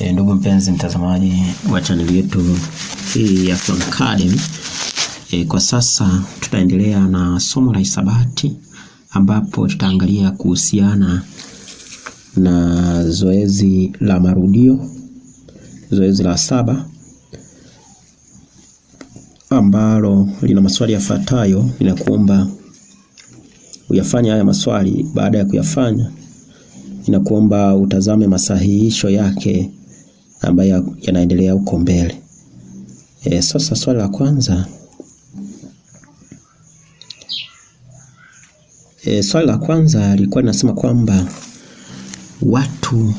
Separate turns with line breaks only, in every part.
E, ndugu mpenzi mtazamaji wa chaneli yetu hii ya Academy. E, kwa sasa tutaendelea na somo la hisabati ambapo tutaangalia kuhusiana na zoezi la marudio, zoezi la saba ambalo lina maswali yafuatayo. inakuomba uyafanye haya maswali. Baada ya kuyafanya, inakuomba utazame masahihisho yake ambayo yanaendelea huko mbele. E, sasa swali la kwanza e, swali la kwanza lilikuwa linasema kwamba watu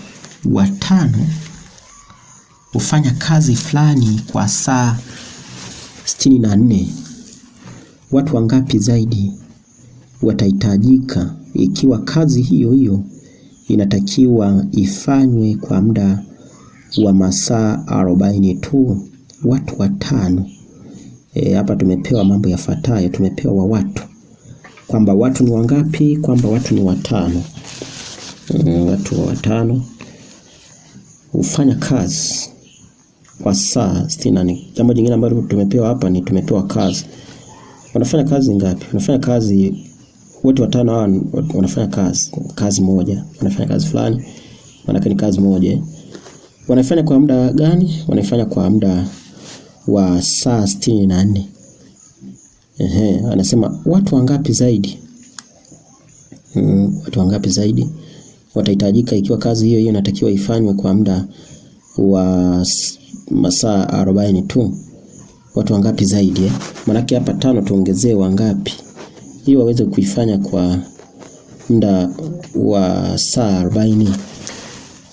watano hufanya kazi fulani kwa saa sitini na nne. Watu wangapi zaidi watahitajika ikiwa kazi hiyo hiyo inatakiwa ifanywe kwa muda wa masaa arobaini tu, watu watano. E, hapa tumepewa mambo yafuatayo, tumepewa wa watu kwamba watu ni wangapi? Kwamba watu ni watano. Mm, watu watano hufanya kazi kwa saa 60. Jambo jingine ambalo tumepewa hapa ni tumepewa kazi, wanafanya kazi ngapi? Wanafanya kazi wote watano hawa, wanafanya kazi kazi moja, wanafanya kazi fulani, maana ni kazi moja. Wanaifanya kwa muda gani? Wanaifanya kwa muda wa saa sitini na nne. Ehe, anasema watu wangapi zaidi? Mm, watu wangapi zaidi watahitajika ikiwa kazi hiyo hiyo inatakiwa ifanywe kwa muda wa masaa arobaini tu? Watu wangapi zaidi eh? manake hapa tano tuongezee wangapi ili waweze kuifanya kwa muda wa saa arobaini.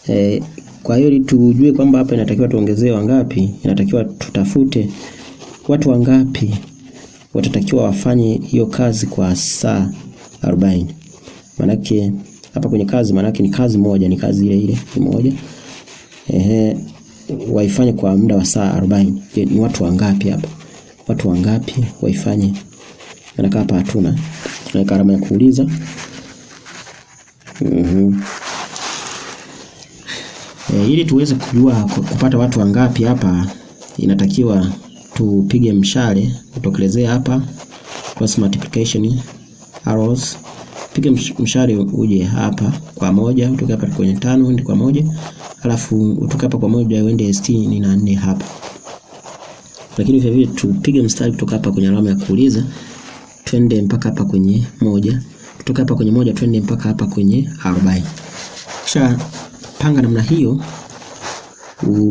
Eh, kwa hiyo ili tujue kwamba hapa inatakiwa tuongezee wangapi, inatakiwa tutafute watu wangapi watatakiwa wafanye hiyo kazi kwa saa 40. Manake hapa kwenye kazi, manake ni kazi moja, ni kazi ile ile moja. Ehe, waifanye kwa muda wa saa 40. Je, ni watu wangapi hapa? Watu wangapi waifanye? Maana hapa hatuna. Tunaweka alama ya kuuliza. Mhm. Mm E, ili tuweze kujua kupata watu wangapi hapa inatakiwa tupige mshale kutokelezea hapa cross multiplication arrows pige mshale uje hapa kwa moja utoke hapa kwenye tano uende kwa moja alafu utoke hapa kwa moja uende sitini na nne hapa lakini vile vile tupige mstari kutoka hapa kwenye alama ya kuuliza twende mpaka hapa kwenye moja kutoka hapa kwenye moja twende mpaka hapa kwenye arobaini kisha panga namna hiyo,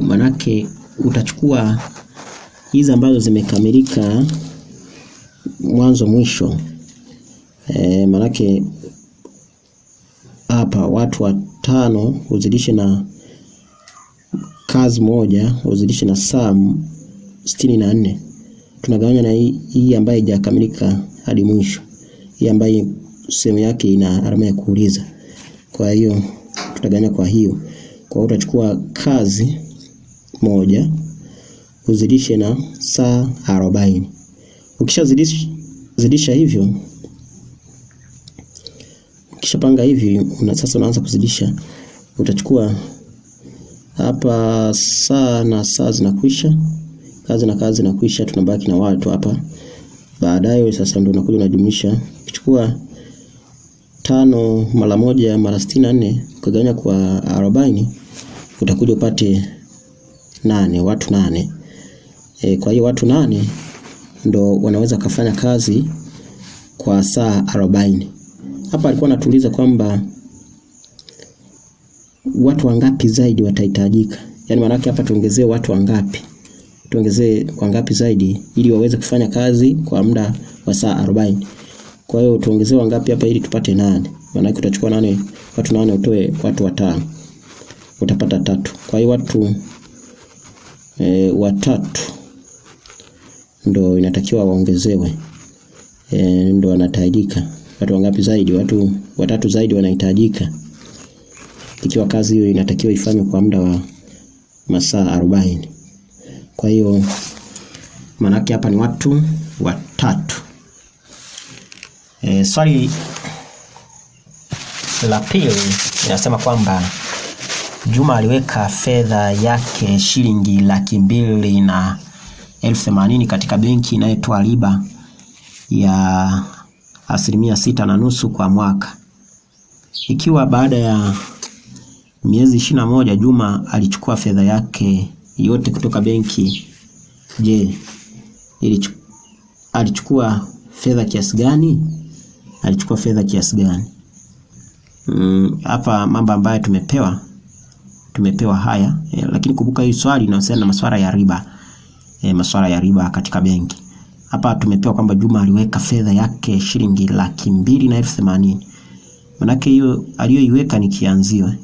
manake utachukua hizi ambazo zimekamilika mwanzo mwisho e, manake hapa watu watano uzidishe na kazi moja uzidishe na saa sitini na nne tunagawanya na hii, hii ambayo haijakamilika hadi mwisho, hii ambayo sehemu yake ina alama ya kuuliza. Kwa hiyo tutagawanya kwa hiyo. Kwa hiyo utachukua kazi moja uzidishe na saa arobaini. Ukishazidisha zidisha hivyo, ukishapanga hivi una, sasa unaanza kuzidisha, utachukua hapa saa na saa zinakwisha, kazi na kazi zinakwisha, tunabaki na watu hapa. Baadaye sasa ndio unakuja unajumlisha, ukichukua tano mara moja mara sitini na nne ukagawanya kwa arobaini utakuja upate nane, watu nane. E, kwa hiyo watu nane ndo wanaweza kufanya kazi kwa saa arobaini. Hapa alikuwa anatuuliza kwamba watu wangapi zaidi watahitajika, yaani maanake hapa tuongezee watu wangapi, tuongezee wangapi zaidi ili waweze kufanya kazi kwa muda wa saa arobaini. Kwa hiyo tuongezee wangapi hapa ili tupate nane. Maana utachukua nane, watu nane utoe watu watano. Utapata tatu. Kwa hiyo watu e, watatu ndo inatakiwa waongezewe. E, eh, ndo wanahitajika. Watu wangapi zaidi? Watu watatu zaidi wanahitajika. Ikiwa kazi hiyo inatakiwa ifanywe kwa muda wa masaa arobaini. Kwa hiyo maanake hapa ni watu watatu. E, swali la pili inasema kwamba Juma aliweka fedha yake shilingi laki mbili na elfu themanini katika benki inayotoa riba ya asilimia sita na nusu kwa mwaka. Ikiwa baada ya miezi ishirini na moja Juma alichukua fedha yake yote kutoka benki, je, alichukua fedha kiasi gani? alichukua fedha kiasi gani. Mm, hapa mm, mambo ambayo tumepewa tumepewa haya e, lakini kumbuka hii swali inahusiana na masuala ya riba e, eh, masuala ya riba katika benki. Hapa tumepewa kwamba Juma aliweka fedha yake shilingi laki mbili na elfu themanini. Manake hiyo aliyoiweka ni kianzio, eh.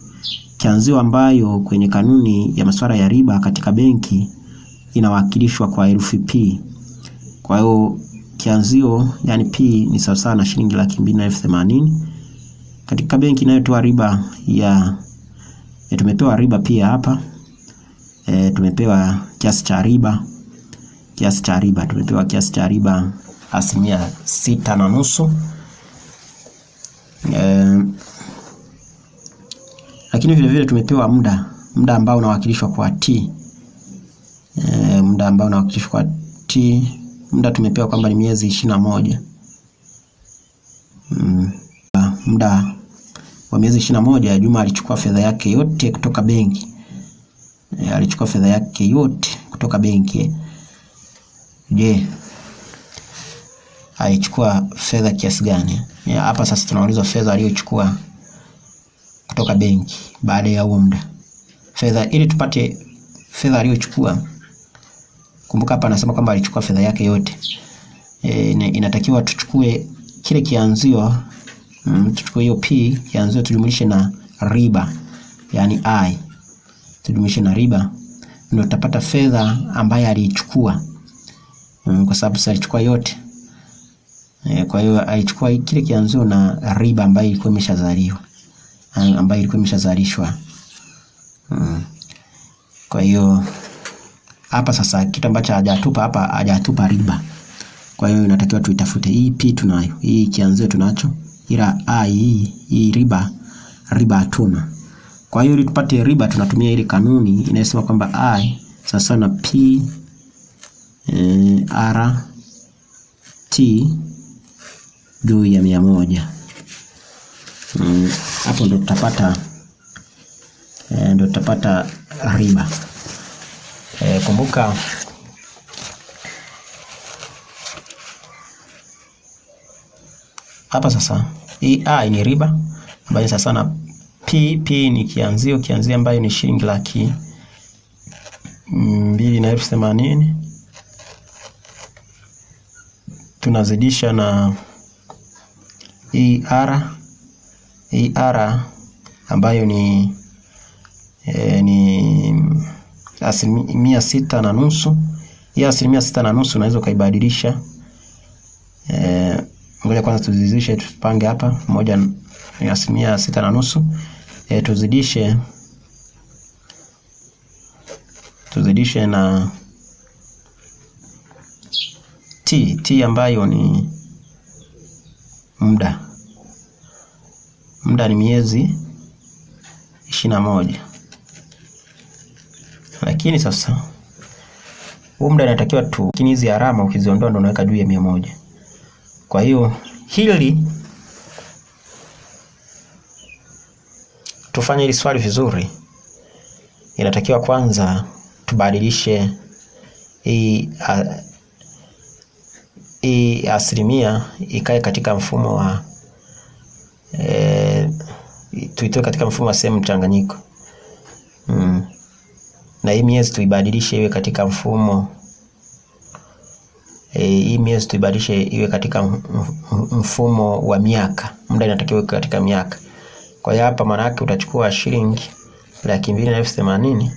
kianzio ambayo kwenye kanuni ya masuala ya riba katika benki inawakilishwa kwa herufi P. Kwa hiyo kianzio yani P ni sawasawa na shilingi laki mbili na elfu themanini katika benki inayotoa riba ya e, tumepewa riba pia hapa e, tumepewa kiasi cha riba kiasi cha riba tumepewa kiasi cha riba asilimia sita na nusu e, lakini vile vile tumepewa muda muda ambao unawakilishwa kwa t e, muda ambao unawakilishwa kwa t muda tumepewa kwamba ni miezi ishirini na moja mm, ah, muda wa miezi ishirini na moja Juma alichukua fedha yake yote kutoka benki e, alichukua fedha yake yote kutoka benki. Je, alichukua fedha kiasi gani? Eh, hapa sasa tunaulizwa fedha aliyochukua kutoka benki baada ya huo muda fedha, ili tupate fedha aliyochukua Kumbuka hapa anasema kwamba alichukua fedha yake yote. E, inatakiwa tuchukue kile kianzio mm, tuchukue hiyo p kianzio tujumlishe na riba yani i tujumlishe na riba ndio tutapata fedha ambayo alichukua mm, kwa sababu sasa alichukua yote e, kwa hiyo alichukua kile kianzio na riba ambayo ilikuwa imeshazaliwa ambayo ilikuwa imeshazalishwa mm. kwa hiyo hapa sasa kitu ambacho hajatupa hapa, hajatupa riba. Kwa hiyo inatakiwa tuitafute hii p tunayo, hii kianzio tunacho, ila i hii, hii riba riba hatuna. Kwa hiyo ili tupate riba tunatumia ile kanuni inayosema kwamba i sasa na p e, r t juu ya mia moja mm, hapo mm, ndo tutapata e, ndo tutapata riba. E, kumbuka hapa sasa, hii e a ni riba ambayo sasa na p, p ni kianzio, kianzio ambayo ni shilingi laki mbili na elfu themanini tunazidisha na hii e r, hii e r ambayo ni e, ni asilimia sita na nusu hiyo asilimia sita na nusu unaweza ukaibadilisha e, ngoja kwanza tuzidishe tupange hapa moja ni asilimia sita na nusu e, tuzidishe tuzidishe na t t ambayo ni muda muda ni miezi ishirini na moja lakini sasa huu muda inatakiwa tu, lakini hizi alama ukiziondoa ndo unaweka juu ya mia moja. Kwa hiyo hili tufanye hili swali vizuri, inatakiwa kwanza tubadilishe hii hii asilimia ikae katika mfumo wa e, tuitoe katika mfumo wa sehemu mchanganyiko na hii miezi tuibadilishe iwe katika mfumo e, hii miezi tuibadilishe iwe katika mfumo wa miaka, muda inatakiwa katika miaka. Kwa hiyo hapa maana yake utachukua shilingi laki mbili na elfu themanini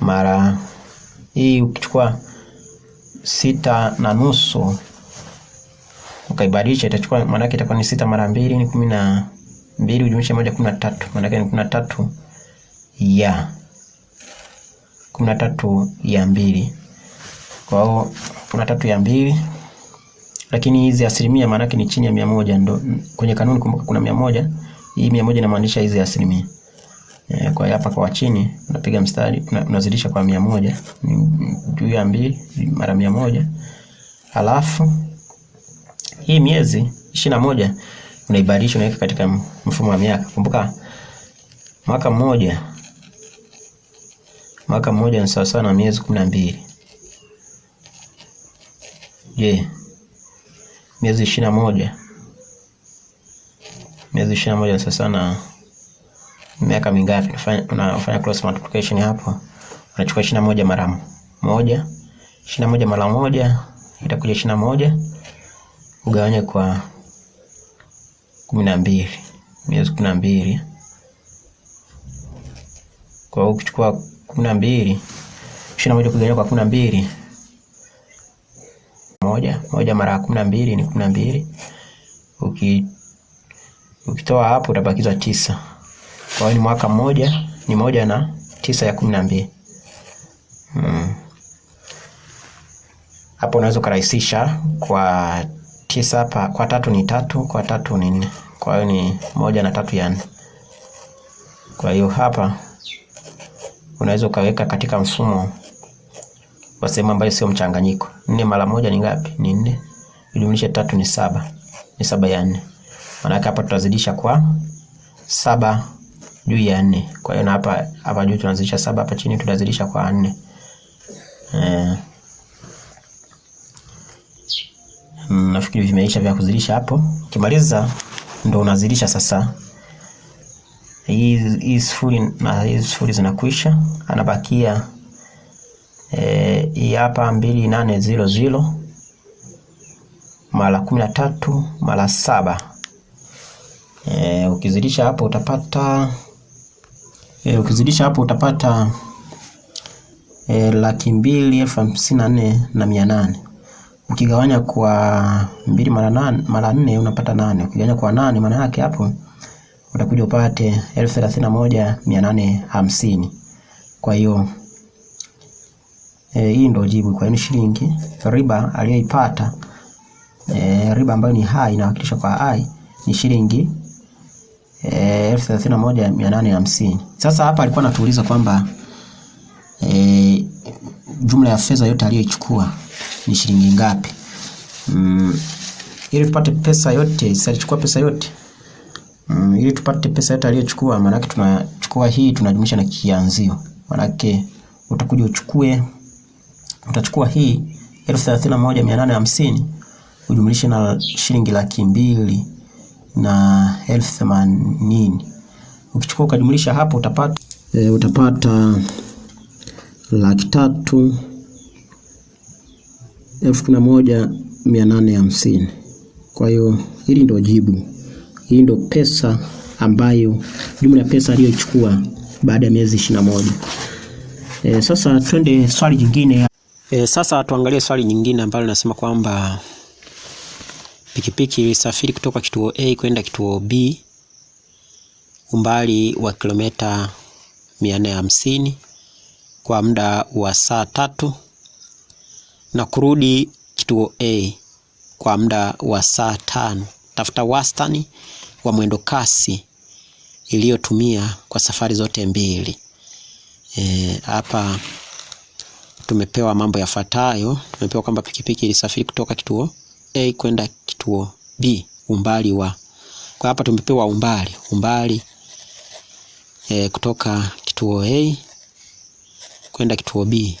mara hii, ukichukua sita na nusu ukaibadilisha, itachukua maana yake itakuwa ni sita mara mbili ni kumi na mbili ujumlisha moja, kumi na tatu. Maana yake ni kumi na tatu ya yeah kumi na tatu ya mbili. Kwa hiyo kumi na tatu ya mbili, lakini hizi asilimia maanake ni chini ya mia moja ndo kwenye kanuni, kumbuka kuna mia moja. Hii mia moja inamaanisha hizi asilimia e, kwa hiyo hapa kwa chini unapiga mstari unazidisha kwa mia moja juu ya mbili mara mia moja halafu hii miezi ishirini na moja unaibadilisha unaweka katika mfumo wa miaka. Kumbuka mwaka mmoja Mwaka mmoja ni sawasawa na miezi kumi na mbili. Je, miezi ishirini na moja miezi ishirini na moja ni sawasawa na miaka mingapi? Unafanya cross multiplication hapo, unachukua ishirini na moja mara moja, ishirini na moja mara moja itakuja ishirini na moja ugawanye kwa kumi na mbili miezi kumi na mbili kwa hiyo ukichukua kumi na mbili ishirini na moja kugawanywa kwa kumi na mbili moja moja mara ya kumi na mbili ni kumi na mbili uki ukitoa hapo utabakizwa tisa. Kwa hiyo ni mwaka mmoja ni moja na tisa ya kumi na mbili hmm. hapo Unaweza ukarahisisha kwa tisa pa, kwa tatu ni tatu, kwa tatu ni nne, kwa hiyo ni moja na tatu ya nne. Kwa hiyo hapa unaweza ukaweka katika mfumo wa sehemu ambayo sio mchanganyiko. Nne mara moja ni ngapi? Ni nne, ijumlishe tatu ni saba, ni saba ya nne. Maana hapa tutazidisha kwa saba juu ya nne. Kwa hiyo na hapa hapa juu tunazidisha saba, hapa chini tutazidisha kwa nne. Eh, nafikiri vimeisha vya kuzidisha hapo. Ukimaliza ndo unazidisha sasa hii sifuri na uh, hii sifuri zinakwisha, anabakia e, hapa mbili nane zilo zilo mara kumi na tatu mara saba e, ukizidisha hapo utapata e, ukizidisha hapo utapata e, laki mbili elfu hamsini na nne na mia nane ukigawanya kwa mbili mara nane mara nne unapata nane ukigawanya kwa nane maana yake hapo utakuja upate elfu thelathini na moja mia nane hamsini. Kwa hiyo e, hii ndio jibu. Kwa hiyo shilingi riba aliyoipata e, riba ambayo ni hai inawakilishwa kwa hai ni shilingi eh, elfu thelathini na moja mia nane hamsini. Sasa hapa alikuwa anatuuliza kwamba e, jumla ya fedha yote aliyoichukua ni shilingi ngapi? Mm, ili tupate pesa yote, si alichukua pesa yote mm, ili tupate pesa yote aliyochukua, maanake tunachukua hii tunajumlisha na kianzio, maanake utakuja uchukue, utachukua hii elfu thelathini na moja mia nane hamsini ujumlishe na shilingi laki mbili na elfu themanini ukichukua ukajumlisha hapo utapata e, utapata laki tatu elfu kumi na moja mia nane hamsini. Kwa hiyo hili ndio jibu. Hii ndo pesa ambayo jumla ya pesa aliyochukua baada ya miezi 21. E, sasa twende swali jingine. E, sasa tuangalie swali nyingine ambalo linasema kwamba pikipiki ilisafiri kutoka kituo A kwenda kituo B umbali wa kilomita 450 kwa muda wa saa tatu na kurudi kituo A kwa muda wa saa tano. Tafuta wastani wa mwendo kasi iliyotumia kwa safari zote mbili. E, hapa e, tumepewa mambo yafuatayo. Tumepewa kwamba pikipiki ilisafiri kutoka kituo A kwenda kituo B umbali wa kwa hapa tumepewa umbali umbali e, kutoka kituo A kwenda kituo B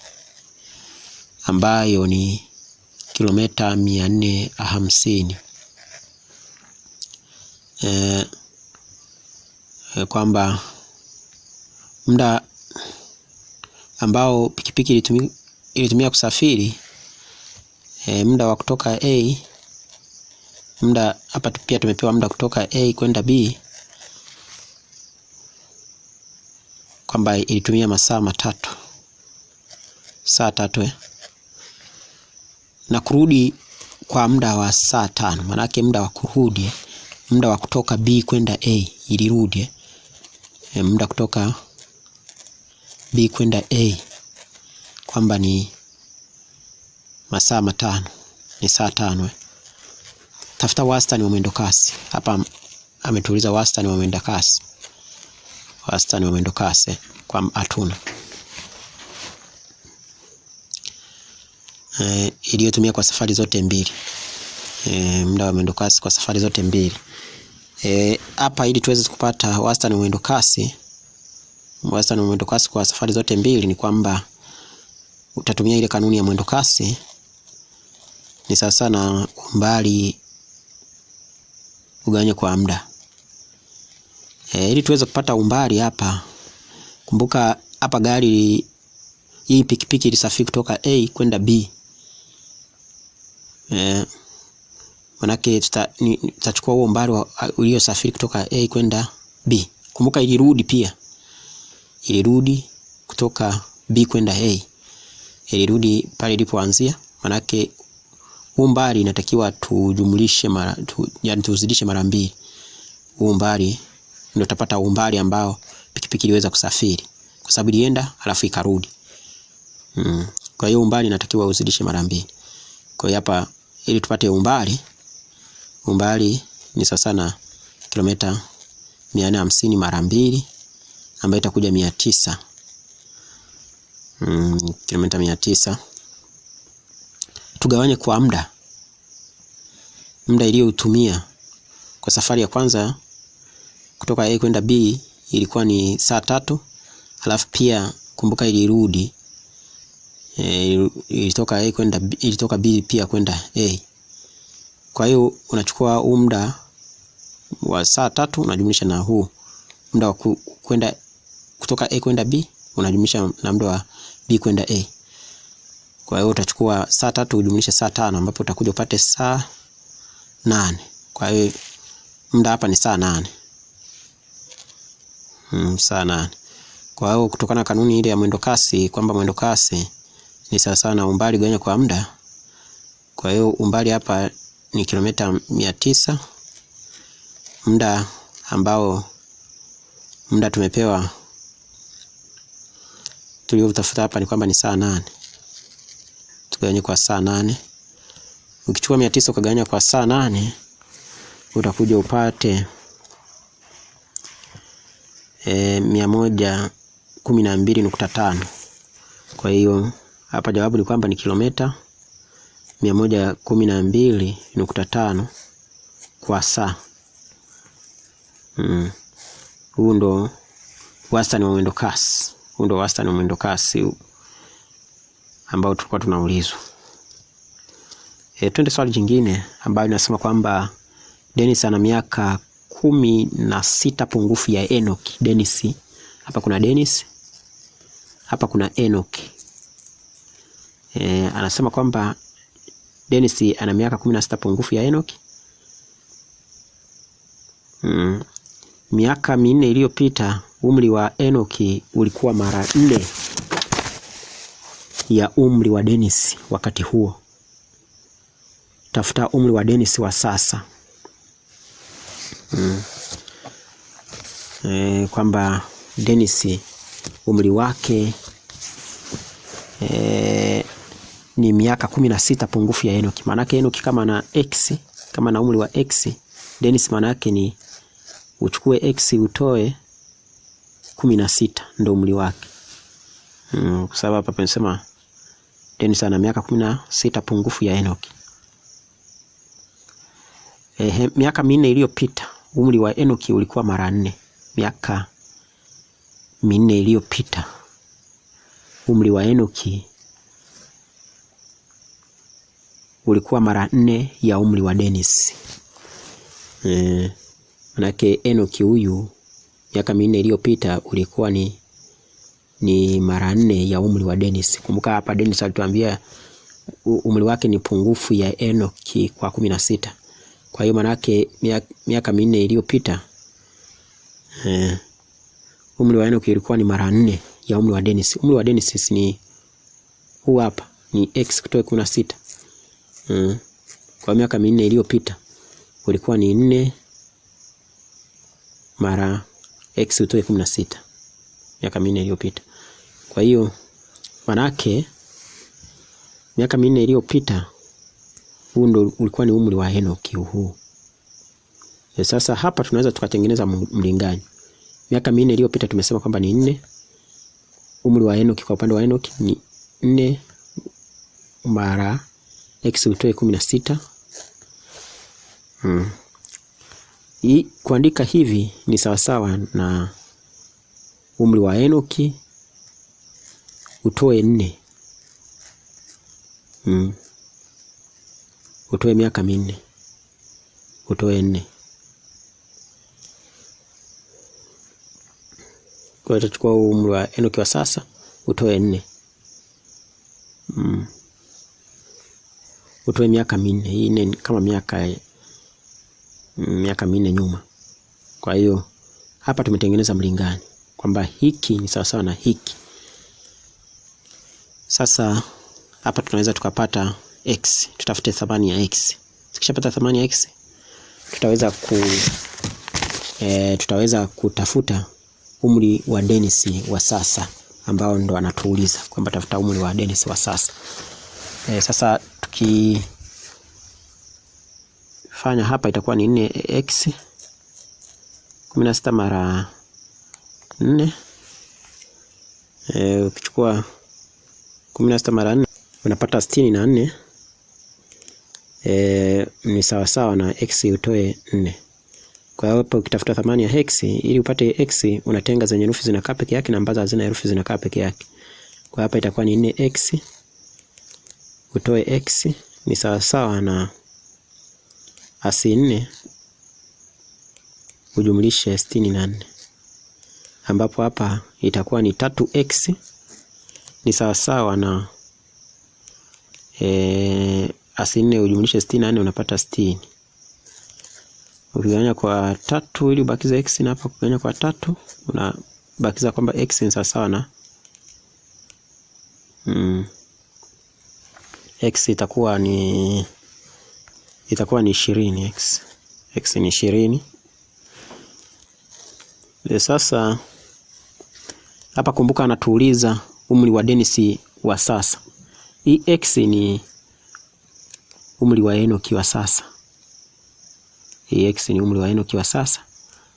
ambayo ni kilomita mia nne hamsini eh, eh, kwamba muda ambao pikipiki ilitumia, ilitumia kusafiri eh, muda wa kutoka A muda hapa pia tumepewa muda kutoka A kwenda B kwamba ilitumia masaa matatu saa tatu eh? na kurudi kwa muda wa saa tano maanake muda wa kurudi eh? muda wa kutoka B kwenda A ilirudi eh, muda kutoka B kwenda A kwamba ni masaa matano, ni saa tano. Eh. Tafuta wastani wa mwendo kasi. Hapa ametuuliza wastani wa mwendo kasi, wastani wa mwendo kasi eh, kwa hatuna eh, iliyotumia kwa safari zote mbili eh, muda wa mwendo kasi kwa safari zote mbili. E, hapa e, ili tuweze kupata wastani wa mwendo kasi, wastani wa mwendo kasi kwa safari zote mbili ni kwamba utatumia ile kanuni ya mwendo kasi ni sawasawa sana umbali uganywe kwa muda. E, ili tuweze kupata umbali hapa, kumbuka hapa gari hii pikipiki ilisafiri kutoka A kwenda B. E, manake tutachukua huo umbali uliosafiri kutoka A kwenda B. Kumbuka ilirudi pia, ilirudi kutoka B kwenda A, ilirudi pale ilipoanzia, manake umbali inatakiwa tujumlishe mara tu, yani tuzidishe mara mbili umbali, ndio utapata umbali ambao pikipiki iliweza kusafiri, kwa sababu ilienda alafu ikarudi. Mm. Kwa hiyo umbali inatakiwa uzidishe mara mbili. Kwa hiyo hapa ili tupate umbali Umbali ni sasa na kilomita 450 mara mbili ambayo itakuja 900. Mm, kilomita 900. Tugawanye kwa muda muda iliyotumia kwa safari ya kwanza kutoka A kwenda B ilikuwa ni saa tatu, alafu pia kumbuka ilirudi e, ilitoka A kwenda B, ilitoka B pia kwenda A. Kwa hiyo unachukua huu muda wa saa tatu unajumlisha na huu muda wa kwenda kutoka A kwenda B unajumlisha na muda wa B kwenda A. Kwa hiyo utachukua saa tatu ujumlishe saa tano ambapo utakuja upate saa nane. Kwa hiyo muda hapa ni saa nane. Mm, saa nane. Kwa hiyo kutokana na kanuni ile ya mwendo kasi kwamba mwendo kasi ni sawa sawa na umbali gawanya kwa muda. Kwa hiyo umbali hapa ni kilomita mia tisa muda ambao muda tumepewa tuliotafuta hapa ni kwamba ni saa nane. Tugawanye kwa saa nane. Ukichukua mia tisa ukagawanya kwa saa nane utakuja upate e, mia moja kumi na mbili nukta tano. Kwa hiyo hapa jawabu ni kwamba ni kilomita 112.5 kwa saa mm. Huu ndo wastani wa mwendo kasi, huu ndo wastani wa mwendo kasi ambao tulikuwa tunaulizwa. E, twende swali jingine ambayo inasema kwamba Dennis ana miaka kumi na sita pungufu ya Enoch. Dennis hapa kuna Dennis hapa kuna Enoch. E, anasema kwamba Dennis ana miaka 16 pungufu ya Enoch. Mm. Miaka minne iliyopita umri wa Enoki ulikuwa mara nne ya umri wa Dennis wakati huo. Tafuta umri wa Dennis wa sasa. Mm. E, kwamba Dennis umri wake e, ni miaka kumi na sita pungufu ya Enoki. Maana yake Enoki kama na x kama na umri wa x, Dennis maana yake ni uchukue x utoe kumi na sita ndio umri wake. Mm, kwa sababu hapa pensema Dennis ana miaka kumi na sita pungufu ya Enoki. Ehe, miaka minne iliyopita umri wa Enoki ulikuwa mara nne. Miaka minne iliyopita umri wa Enoki ulikuwa mara nne ya umri wa Dennis. E, manake Enoki huyu miaka minne iliyopita ulikuwa ni ni mara nne ya umri wa Dennis. Kumbuka hapa Dennis alituambia umri wake ni pungufu ya Enoki kwa kumi na sita. Kwa hiyo manake miaka minne iliyopita eh, umri wa Enoki ulikuwa ni mara nne ya umri wa Dennis. Umri wa Dennis ni huu hapa ni x kutoka kumi na sita mm, kwa miaka minne iliyopita ulikuwa ni nne mara x utoe kumi na sita miaka minne iliyopita. Kwa hiyo manake miaka minne iliyopita huu ndo ulikuwa ni umri wa Henoki huu. E, sasa hapa tunaweza tukatengeneza mlinganyo. Miaka minne iliyopita tumesema kwamba ni nne. Umri wa Henoki kwa upande wa Henoki ni nne mara x mtoe kumi na sita. Hmm. kuandika hivi ni sawasawa na umri wa Enoki utoe nne. Hmm. Utoe miaka minne, utoe nne. Kwa hiyo umri wa Enoki wa sasa utoe nne. Hmm utoe miaka minne. Hii ni kama miaka miaka minne nyuma. Kwa hiyo hapa tumetengeneza mlingani kwamba hiki ni sawasawa na hiki. Sasa hapa tunaweza tukapata x, tutafute thamani ya x. Tukishapata thamani ya x tutaweza ku e, tutaweza kutafuta umri wa Dennis wa sasa ambao ndo anatuuliza kwamba tafuta umri wa Dennis wa sasa e, sasa tukifanya hapa itakuwa ni 4x eh, 16 mara 4 e, eh, ukichukua 16 mara 4 unapata 64 e, ni sawasawa na x utoe 4. Kwa hiyo hapo ukitafuta thamani ya x ili upate x unatenga zenye herufi zinakaa peke yake na ambazo hazina herufi zinakaa peke yake. Kwa hapa itakuwa ni 4x utoe x ni sawasawa na asi nne ujumlishe sitini na nne ambapo hapa itakuwa ni tatu x ni sawasawa na e, eh, asi nne ujumlishe sitini na nne unapata sitini. Ukigawanya kwa tatu ili ubakize x, na hapa kugawanya kwa tatu unabakiza kwamba x ni sawasawa na mm, x itakuwa ni itakuwa ni 20 x x ni 20. Sasa hapa kumbuka, anatuuliza umri wa Dennis wa sasa. Hii x ni umri wa Enoki wa sasa. Hii x ni umri wa Enoki wa sasa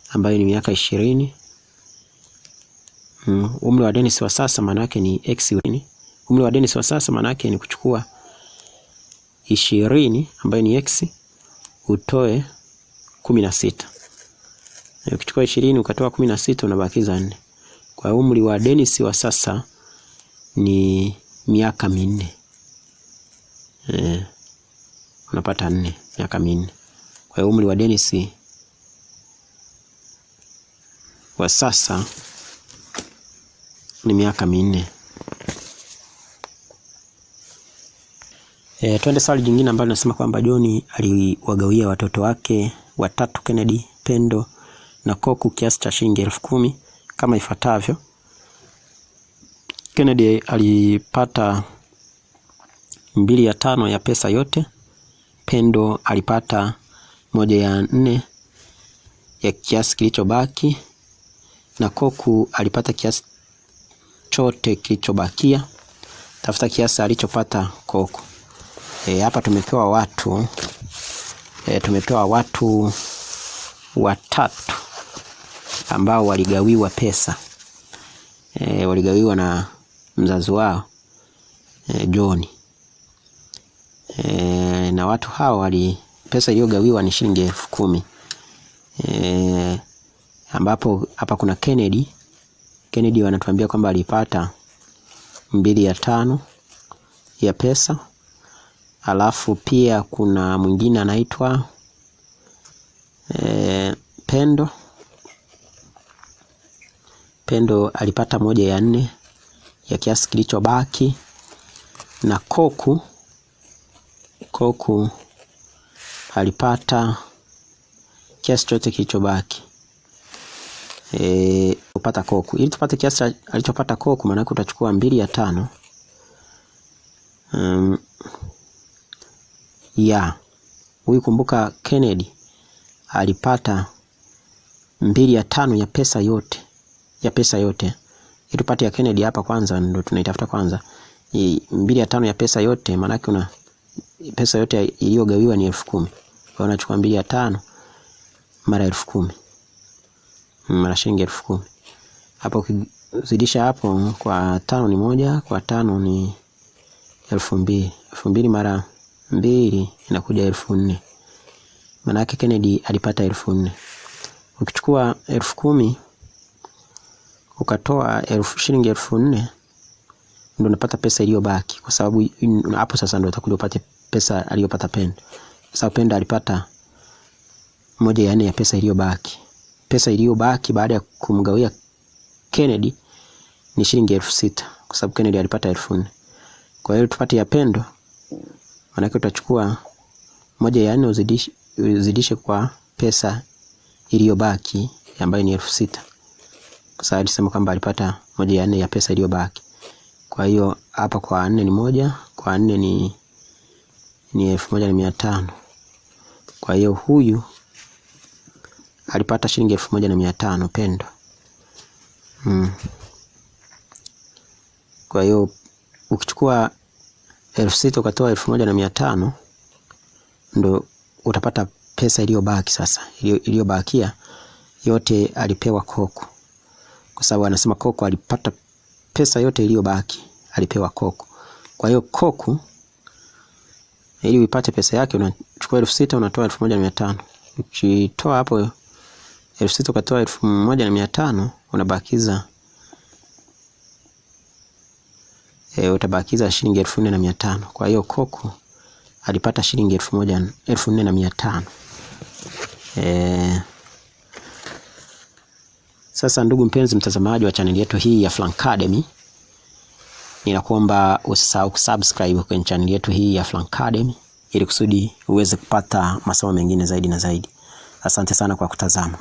ambayo ni miaka ishirini. Hmm, umri wa Dennis wa sasa maana yake ni x. Umri wa Dennis wa sasa maana yake ni kuchukua ishirini ambayo ni x utoe kumi na sita. Ukichukua ishirini ukatoa kumi na sita unabakiza nne. Kwa umri wa Dennis wa sasa ni miaka minne. E, unapata nne, miaka minne. Kwa umri wa Dennis wa sasa ni miaka minne. E, twende swali jingine ambalo nasema kwamba John aliwagawia watoto wake watatu Kennedy, Pendo na Koku kiasi cha shilingi elfu kumi kama ifuatavyo. Kennedy alipata mbili ya tano ya pesa yote. Pendo alipata moja ya nne ya kiasi kilichobaki na Koku alipata kiasi chote kilichobakia. Tafuta kiasi alichopata Koku e, hapa tumepewa watu e, tumepewa watu watatu ambao waligawiwa pesa e, waligawiwa na mzazi wao e, John e, na watu hao wali pesa iliyogawiwa ni shilingi elfu kumi e, ambapo hapa kuna Kennedy Kennedy wanatuambia kwamba alipata mbili ya tano ya pesa alafu pia kuna mwingine anaitwa e, Pendo. Pendo alipata moja ya nne ya kiasi kilichobaki na Koku Koku alipata kiasi chote kilichobaki. Eh, upata Koku ili tupate kiasi alichopata Koku, maanake utachukua mbili ya tano um, ya huyu. Kumbuka Kennedy alipata mbili ya tano ya pesa yote ya pesa yote. Kitu pati ya Kennedy hapa kwanza ndio tunaitafuta kwanza. mbili ya tano ya pesa yote maana una pesa yote iliyogawiwa ni elfu kumi. Kwa hiyo unachukua mbili ya tano mara elfu kumi mara shilingi elfu kumi hapo ukizidisha hapo kwa tano ni moja, kwa tano ni elfu mbili elfu mbili mara mbili inakuja elfu nne yake Kennedy alipata elfu nne ukichukua elfu kumi ukatoa elfu shilingi elfu nne ndo unapata pesa iliyobaki, kwa sababu hapo sasa ndio utakuja upate pesa aliyopata Pendo. Sasa Pendo alipata moja ya nne ya pesa iliyobaki. Pesa iliyobaki baada ya kumgawia Kennedy ni shilingi elfu sita kwa sababu Kennedy alipata elfu nne. Kwa hiyo tupate ya Pendo Maanake utachukua moja ya nne uzidishe, kwa pesa iliyobaki ambayo ni elfu sita kwa sababu alisema kwamba alipata moja ya nne ya pesa iliyobaki. Kwa hiyo hapa kwa nne ni moja, kwa nne ni ni elfu moja na mia tano. Kwa hiyo huyu alipata shilingi elfu moja na mia tano Pendo. Mm. Kwa hiyo ukichukua elfu sita ukatoa elfu moja na mia tano ndo utapata pesa iliyobaki sasa, iliyobakia yote alipewa Koko, kwa sababu anasema Koko alipata pesa yote iliyobaki alipewa Koko. Kwa hiyo Koko ili uipate pesa yake unachukua elfu sita unatoa elfu moja na mia tano ukitoa hapo elfu sita ukatoa elfu moja na mia tano unabakiza e, utabakiza shilingi elfu nne na mia tano. Kwa hiyo koko alipata shilingi elfu moja elfu nne na mia tano. E, sasa ndugu mpenzi mtazamaji wa chaneli yetu hii ya Francademy, ninakuomba usisahau kusubscribe kwenye chaneli yetu hii ya Francademy ili kusudi uweze kupata masomo mengine zaidi na zaidi. Asante sana kwa kutazama.